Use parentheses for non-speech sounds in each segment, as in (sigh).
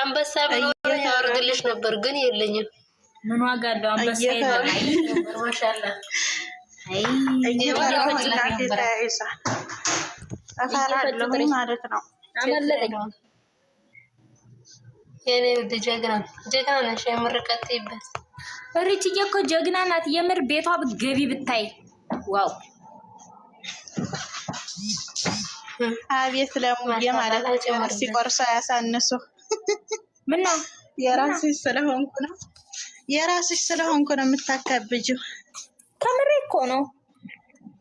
አንበሳ ብሎ ያወርድልሽ ነበር ግን የለኝም። ምን ዋጋ አለው አንበሳ የለም። ነው። ጀግና ሪችዬ እኮ ጀግና ናት። የምር ቤቷ ገቢ ብታይ ዋው! አቤት ለሙዬ ማለት ነው። ሲቆርሱ አያሳንሱ ምነው የራስሽ ስለሆንኩ ነው የራስሽ ስለሆንኩ ነው የምታካብጂው። ከምሬ እኮ ነው።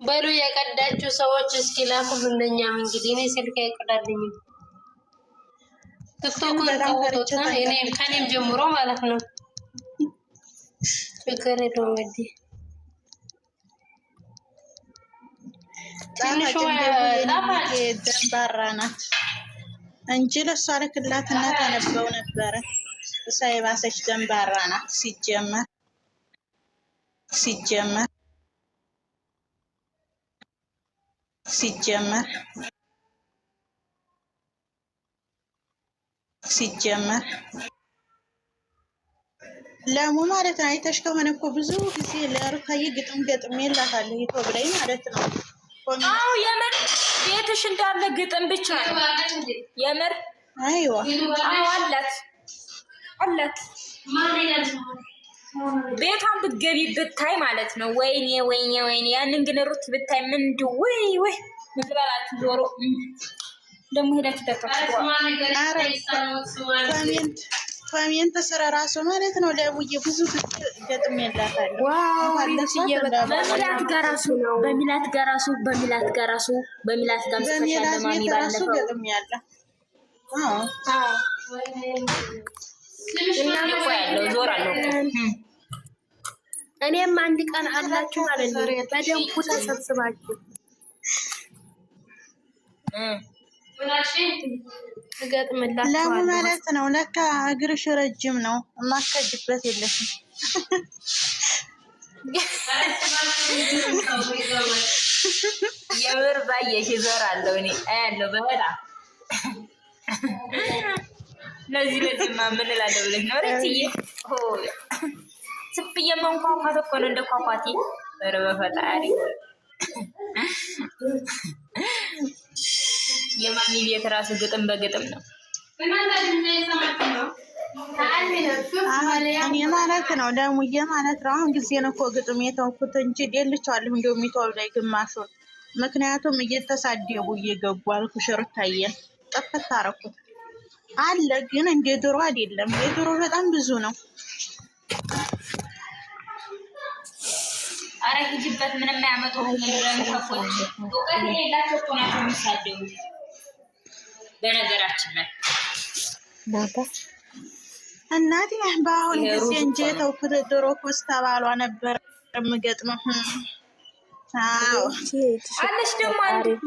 በሉ የቀዳችሁ ሰዎች እስኪ ላኩ። እንደኛም እንግዲህ እኔ ስልክ አይቀዳልኝም። ትክቶክ ከኔም ጀምሮ ማለት ነው። ችግር የለውም ወዲ ጣፋጭ ደንባራ ናት። እንጂ ለእሷ ልክላትና ተነበው ነበረ። እሷ የባሰች ደንባራ ናት ሲጀመር ሲጀመር ሲጀመር ሲጀመር ለሙ ማለት ነው። አይተሽ ከሆነ እኮ ብዙ ጊዜ ለሩታዬ ግጥም ገጥሜ ይቶ ብለኝ ማለት ነው። ቤትሽ እንዳለ ግጥም ብቻ ነው የምር። አይዋ አዋለት አለት ቤቷን ብትገቢ ብታይ ማለት ነው። ወይኔ ወይኔ ወይኔ ያንን ግን ሩት ብታይ ምንድ ወይ ወይ ምን ልበላችሁ ዞሮ ደግሞ ሄዳችሁ ፋሚን ስራ ራሱ ማለት ነው። ለሙዬ ብዙ ገጥም ያላታለሁ። በሚላት በሚላት በሚላት በሚላት እኔም አንድ ቀን አላችሁ ማለት ነው ተሰብስባችሁ ለምን ማለት ነው? ለካ እግርሽ ረጅም ነው። ማከጅበት የለሽም። የምር ባየሽ እዞራለሁ እኔ አያለሁ። ለዚህ ምን እላለሁ ብለሽ ነው መንኳኳት እኮ ነው እንደ ኳኳቴ። ኧረ በፈጣሪ ቤት ራሱ ግጥም በግጥም ነው እኔ ማለት ነው ደሙዬ ማለት ነው። አሁን ጊዜ ነው እኮ ግጥም የተውኩት እንጂ ደልቻለሁ። እንደውም የሚተው ላይ ግማሹን ምክንያቱም እየተሳደቡ እየገቡ አልኩሽ ሩታዬን ጥፍት አደረኩት አለ። ግን እንደ ድሮ አይደለም። የድሮ በጣም ብዙ ነው። አረ ሂጂበት ምንም ያመጡ ሰዎች እውቀት የሌላቸው እኮ ናቸው የሚሳደቡት። በነገራችን ላይ እናቴ በአሁን ጊዜ እንጂ ተውኩት። ድሮ ኮስታ ባሏ ነበር የምገጥመው አለች። ደግሞ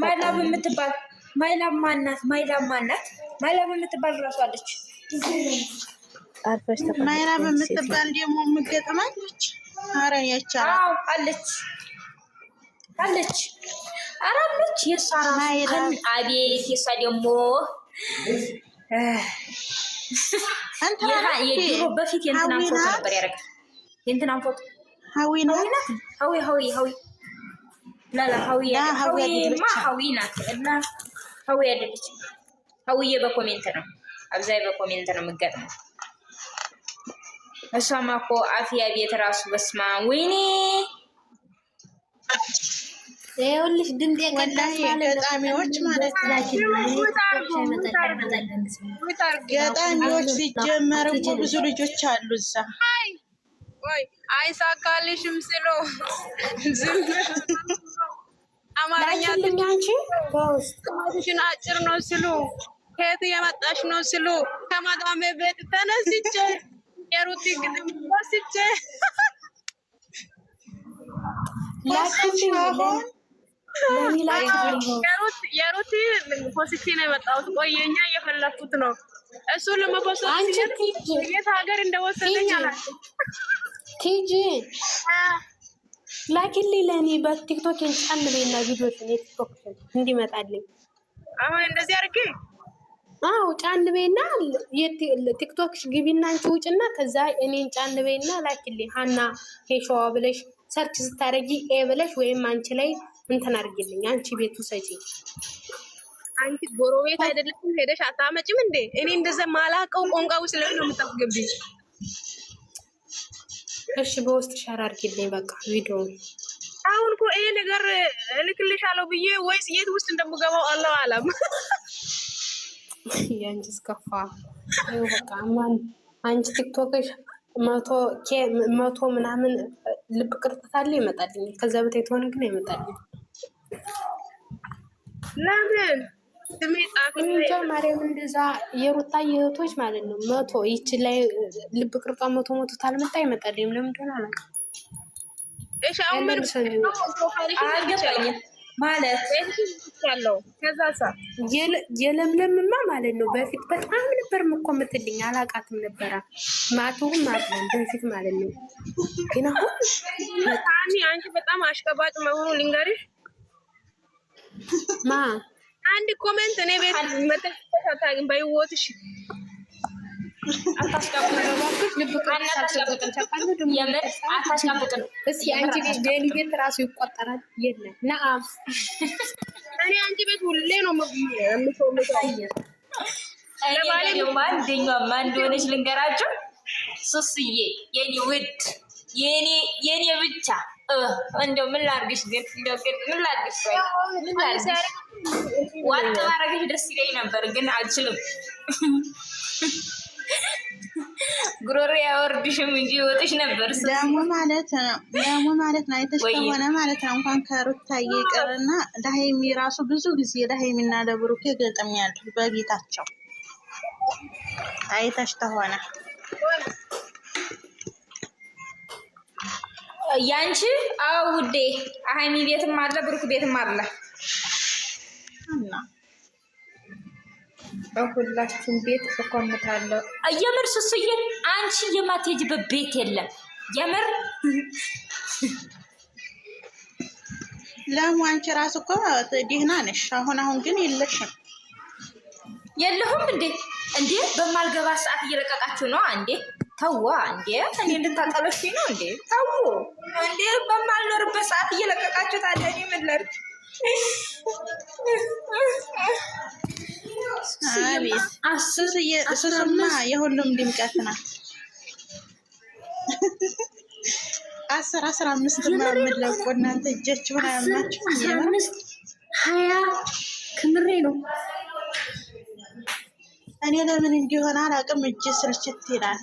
ማይላብ የምትባል ማይላብ ማናት? ማይላብ ማናት? ማይላብ የምትባል እራሱ አለች። ማይላብ የምትባል ደግሞ የምገጥማለች። አረ ያቻ አለች አለች ያች የእሷ ራሱ አቤት የእሷ ደግሞ የድሮ በፊት የእንትናን ፎቶ ነበር ያደረጋል። የእንትናን ፎቶ ሀዊ ናት። ሀዊ ሀዊ ሀዊ ላላ ሀዊ ሀዊማ ሀዊ ናት እና ሀዊ አይደለች። ሀዊዬ በኮሜንት ነው አብዛይ በኮሜንት ነው የምትገጥመው። እሷማ እኮ አፍያ ቤት ራሱ በስማ ወይኔ ይኸውልሽ ድምጤ ገጣሚዎች ማለት ገጣሚዎች ሲጀመር እኮ ብዙ ልጆች አሉ እዛ ወይ አይሳካልሽም ስሎ አማርኛ ሽን አጭር ነው ስሉ ከየት የመጣሽ ነው ስሉ ከማዳሜ ቤት ተነስቼ የሩቲ ግጥም ተነስቼ የሩቲ ፖስቲ ነው የመጣሁት። እየፈለኩት ነው እሱን ለመፖስት የት ሀገር እንደወሰደኝ ቲጂ ለእኔ በቲክቶክ ጫን ቤና እንዲመጣልኝ አሁን እንደዚህ አድርጌ አዎ ጫንቤና በይና ቲክቶክሽ ግቢና አንቺ ውጭና ከዛ እኔን ጫንቤና በይና ላኪልኝ ሀና ሄሸዋ ብለሽ ሰርች ስታደርጊ ኤ ብለሽ ወይም አንቺ ላይ እንትን አድርጊልኝ። አንቺ ቤቱ ሰጪ አንቺ ጎረቤት አይደለም ሄደሽ አታመጭም እንዴ? እኔ እንደዛ ማላቀው ቋንቋ ውስጥ ላይ ነው የምታስገቢ። እሺ በውስጥ ሸር አድርጊልኝ በቃ ቪዲዮ አሁን እኮ ይሄ ነገር እልክልሻለሁ ብዬ ወይስ የት ውስጥ እንደምገባው አላህ አላም የአንቺ ስከፋ በቃ ማን አንቺ ቲክቶክሽ መቶ ምናምን ልብ ቅርጥታለ ይመጣልኝ። ይመጣልኛል። ከዚያ በታይ ተሆነ ግን አይመጣልኝ። ለምን እንጃ ማርያም። እንደዛ የሩታ የእህቶች ማለት ነው መቶ ይች ላይ ልብ ቅርጿ መቶ መቶ ታልመጣ አይመጣልኝም። ለምንድን ሆነ አላውቅም። ማለት ያለው የለምለምማ ማለት ነው። በፊት በጣም ነበር እኮ የምትልኝ አላቃትም ነበረ ማቱም ማለት ነው በፊት ማለት ነው። ግን አሁን ታኒ አንቺ በጣም አሽቀባጭ መሆኑ ልንገርሽ። ማ አንድ ኮሜንት እኔ ቤት መጠ ታግን ቤት ራሱ ይቆጠራል። የለም ነአም እኔ አንቺ ቤት ሁሌ ነው አንደኛማ እንደሆነች ልንገራቸው። ሱስዬ የኔ ውድ የኔ ብቻ እንደው ምን ላድርግሽ ግን እንደው ግን ምን ላድርግሽ ዋጥ ባረገሽ ደስ ይለኝ ነበር ግን አልችልም። ጉሮሮ ያወርድሽም እንጂ ወጥሽ ነበር። ደሞ ማለት ነው ደሞ ማለት ነው። አይተሽ ከሆነ ማለት ነው እንኳን ከሩታዬ ይቅርና ለሀይሚ ራሱ ብዙ ጊዜ ለሀይሚና ለብሩኬ ገጥም ያለሁ በቤታቸው አይተሽ ተሆነ ያንቺ አዎ ውዴ ሀይሚ ቤትም አለ ብሩክ ቤትም አለ። በሁላችን ቤት እኮምታለሁ። የምር ስሱዬ አንቺ የማትሄጂበት ቤት የለም። የምር ለሙ አንቺ ራስ እኮ ደህና ነሽ። አሁን አሁን ግን የለሽም። የለሁም እንዴ እንዴ! በማልገባ ሰዓት እየለቀቃችሁ ነው እንዴ? ተዋ እንዴ! እኔ እንድታጠለሽ ነው እንዴ? ተው እንዴ! በማልኖርበት ሰዓት እየለቀቃችሁ ታዲያ እኔ ምን ላድርግ? ሱስማ የሁሉም ድምቀት ናት። አስር አስራ አምስት የምትለቁ እናንተ እጃችሁን አያማችሁ። ሀያ ክምሬ ነው። እኔ ለምን እንዲሆን አላውቅም። እጅ ስልችት ይላል።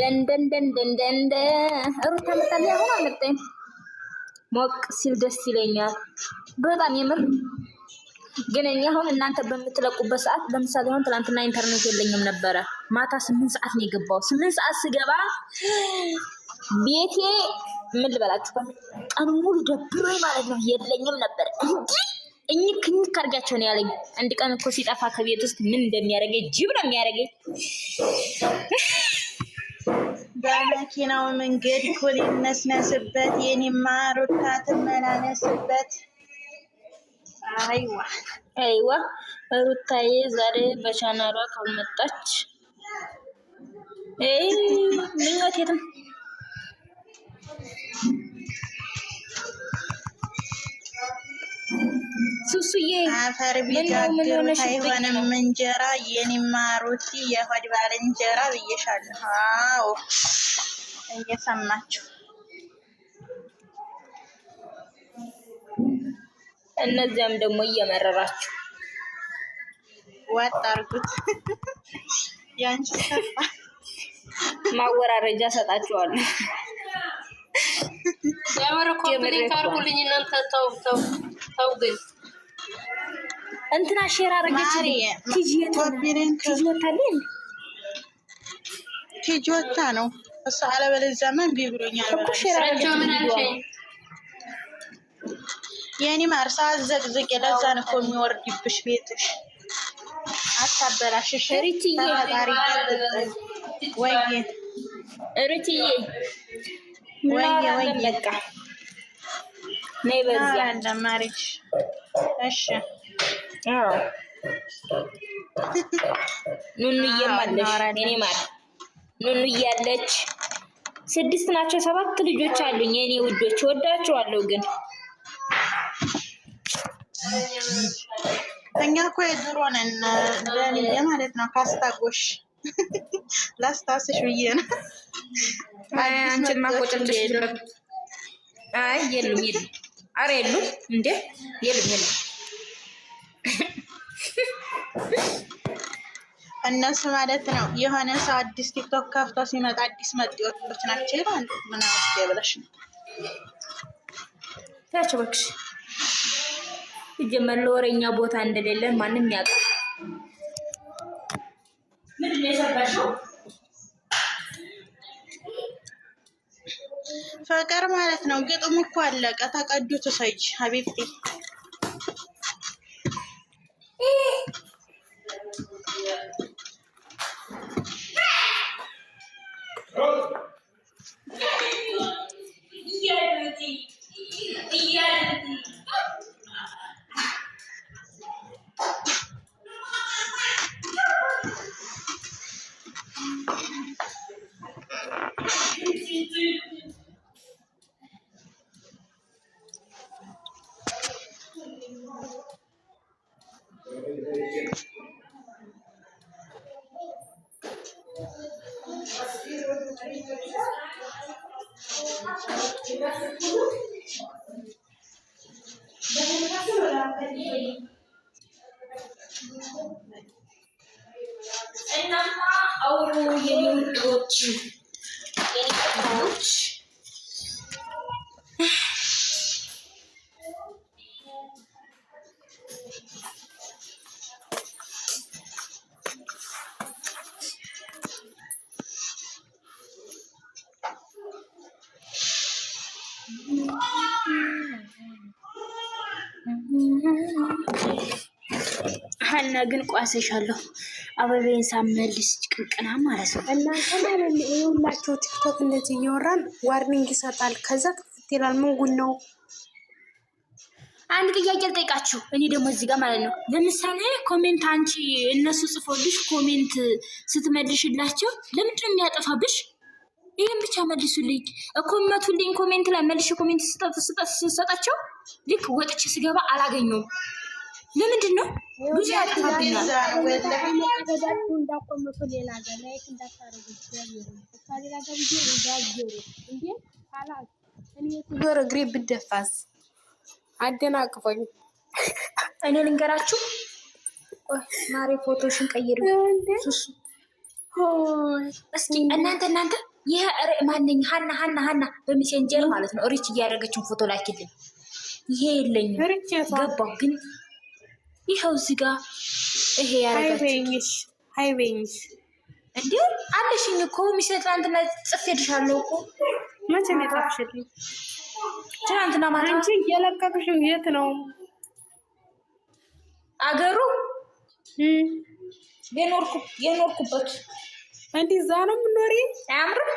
ደንደንደንደንደንደ ሩታ መጣለ ያሆን አለጠኝ ሞቅ ሲል ደስ ይለኛል በጣም የምር ግን እኔ አሁን እናንተ በምትለቁበት ሰዓት ለምሳሌ አሁን ትናንትና ኢንተርኔት የለኝም ነበረ። ማታ ስምንት ሰዓት ነው የገባው። ስምንት ሰዓት ስገባ ቤቴ ምን ልበላችሁ ቀኑ ሙሉ ደብሮኝ ማለት ነው የለኝም ነበር እኚ ክኝ ካርጋቸው ነው ያለኝ። አንድ ቀን እኮ ሲጠፋ ከቤት ውስጥ ምን እንደሚያደርገኝ ጅብ ነው የሚያደርገኝ። በመኪናው መንገድ ኩል ይነስነስበት፣ የኔማ ሩታ ትመላለስበት። አይዋ አይዋ ሩታዬ ዛሬ በቻናሏ ካልመጣች ምኞት የትም ሱሱዬ አፈር ቢጋግሩት አይሆንም እንጀራ የኔማ ሩቲ የሆድ ባለ እንጀራ ብዬሻለሁ። አዎ እየሰማችሁ እነዚያም ደግሞ እየመረራችሁ ወጥ አርጉት። (laughs) ያንቺ ሰፋ ማወራረጃ ሰጣችኋለሁ። ያመረኮብኔ አርጉልኝ እናንተ ተው ተው ተው ግን እንትና ሼር አረገች። ቲጂ ቲጂ ወታ ነው እሱ። አለበለዚያ ማን ቢብሎኛል እኮ ሼር አረገች። የኔ ማር ሳትዘቅዝቅ ለዛ ነው እኮ የሚወርድብሽ ቤትሽ። አታበላሽ ሪትዬ፣ ወይ ሪትዬ፣ ወይ ወይ በቃ ነይ በዚህ አለ ማሪች። እሺ አዎ ኑኑዬ ማለሽ እኔ ማር ኑኑ እያለች ስድስት ናቸው። ሰባት ልጆች አሉኝ የኔ ውዶች፣ ወዳችኋለሁ። ግን እኛ እኮ የድሮ ነን ማለት ነው። ካስታጎሽ ላስታስሽ ብዬ ነው። አንቺን ማቆጨጭሽ አይ የሉም የሉም አረ የሉም እንዴ! የለም የለም። እነሱ ማለት ነው የሆነ ሰው አዲስ ቲክቶክ ከፍቶ ሲመጣ አዲስ መጤዎች ናቸው ይላል። ምን አስቴ ብለሽ ነው ታቸው በክሽ ይጀመር ለወሬኛ ቦታ እንደሌለን ማንም ያውቃል። ምንድን ነው የሰራሽው? ፍቅር ማለት ነው። ግጥም እኮ አለቀ ተቀዱ ትሰጅ ሀቢብቲ என்னம்மா அவங்க ሀና ግን ቋሰሻለሁ አበቤን ሳመልስ ጭቅንቅና ማለት ነው። እናንተ ማለት የሁላቸው ቲክቶክ እንደዚህ እየወራን ዋርኒንግ ይሰጣል። ከዛ ክፍት ይላል። ምን ጉድ ነው? አንድ ጥያቄ ልጠይቃችሁ። እኔ ደግሞ እዚህ ጋር ማለት ነው ለምሳሌ ኮሜንት አንቺ እነሱ ጽፎልሽ ኮሜንት ስትመልሽላቸው ለምንድን ነው የሚያጠፋብሽ? ይህን ብቻ መልሱልኝ፣ ኮመቱልኝ። ኮሜንት ላይ መልሽ። ኮሜንት ስሰጣቸው ልክ ወጥቼ ስገባ አላገኘውም። ለምንድን ነው ብዙ ያጥፋብኛል። እግሬ ብደፋስ አደናቅፎኝ። እኔ ልንገራችሁ ማሬ ፎቶሽን ቀይር እስኪ እናንተ እናንተ ይህ ማነኝ ሀና ሀና ሀና በሜሴንጀር ማለት ነው ሪች እያደረገችን ፎቶ ላኪልኝ። ይሄ የለኝም ገባው ግን ይኸው እዚህ ጋ ይሄ ያረጋችሁት ሀይቤኝሽ እንዴ አለሽኝ እኮ ሚስ ትናንትና ጽፌልሻለሁ እኮ መቼ ነው የጻፍሽልኝ? ትናንትና ማታ አንቺ እየለቀቅሽው የት ነው አገሩ የኖርኩበት? እንዲህ እዛ ነው አያምርም።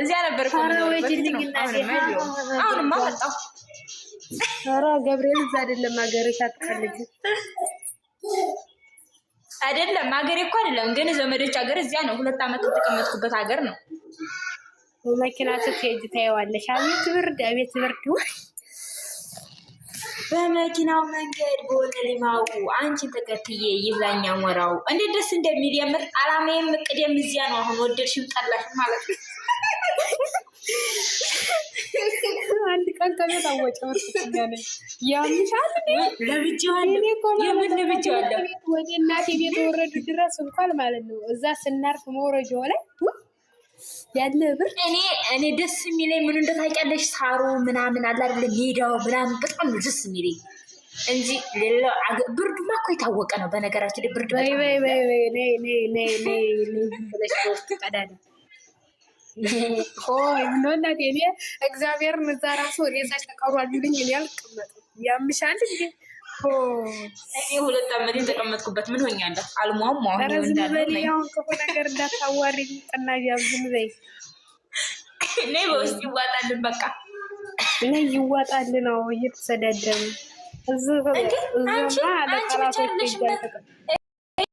እዚያ ነበር አሁንማ መጣሁ። ኧረ ገብርኤል እዛ አይደለም ሀገሬ ሳትፈልግ አይደለም ሀገሬ እኮ አይደለም ግን ዘመዶች ሀገር እዚያ ነው። ሁለት አመት ተቀመጥኩበት ሀገር ነው። መኪና ስትሄጂ ታየዋለሽ። አቤት ብርድ፣ አቤት ብርድ በመኪናው መንገድ በሆነ ሊማው አንቺን ተከትዬ ይብላኛ ሞራው እንዴት ደስ እንደሚል የምር አላማዬም እቅዴም እዚያ ነው። አሁን ወደድሽም ጠላሽም ማለት ነው። አንድ ቀን ከቤት አወጪ ወርቅኛለ ያምሻል ለብጅዋለምን ለብጅዋለ ወደ እናቴ ቤት ወረዱ ድረስ እንኳን ማለት ነው እዛ ስናርፍ መውረጃው ላይ ያለ ብር እኔ እኔ ደስ የሚለኝ ምን እንደታውቂያለሽ፣ ሳሩ ምናምን አለ አይደለ ሜዳው ምናምን በጣም ነው ደስ የሚለኝ እንጂ ሌላው ብርዱማ እኮ የታወቀ ነው። በነገራችን ላይ ብርድ ቀዳዳ (laughs) እናቴ እኔ እግዚአብሔርን እዛ ራሱ ሬዛ ተቀሯልልኝ እኔ አልቀመጥም ያምሻል እንዴ እኔ ሁለት ዓመት የተቀመጥኩበት ምን ሆኛለሁ? አልሟሟ ሁሁን ክፉ ነገር እንዳታዋሪ ጠና ዝም በይ። እኔ በውስጥ ይዋጣልን፣ በቃ ላይ ይዋጣል ነው እየተሰዳደሩ እዚህ እዚማ ለጠላቶች ይጋልጠ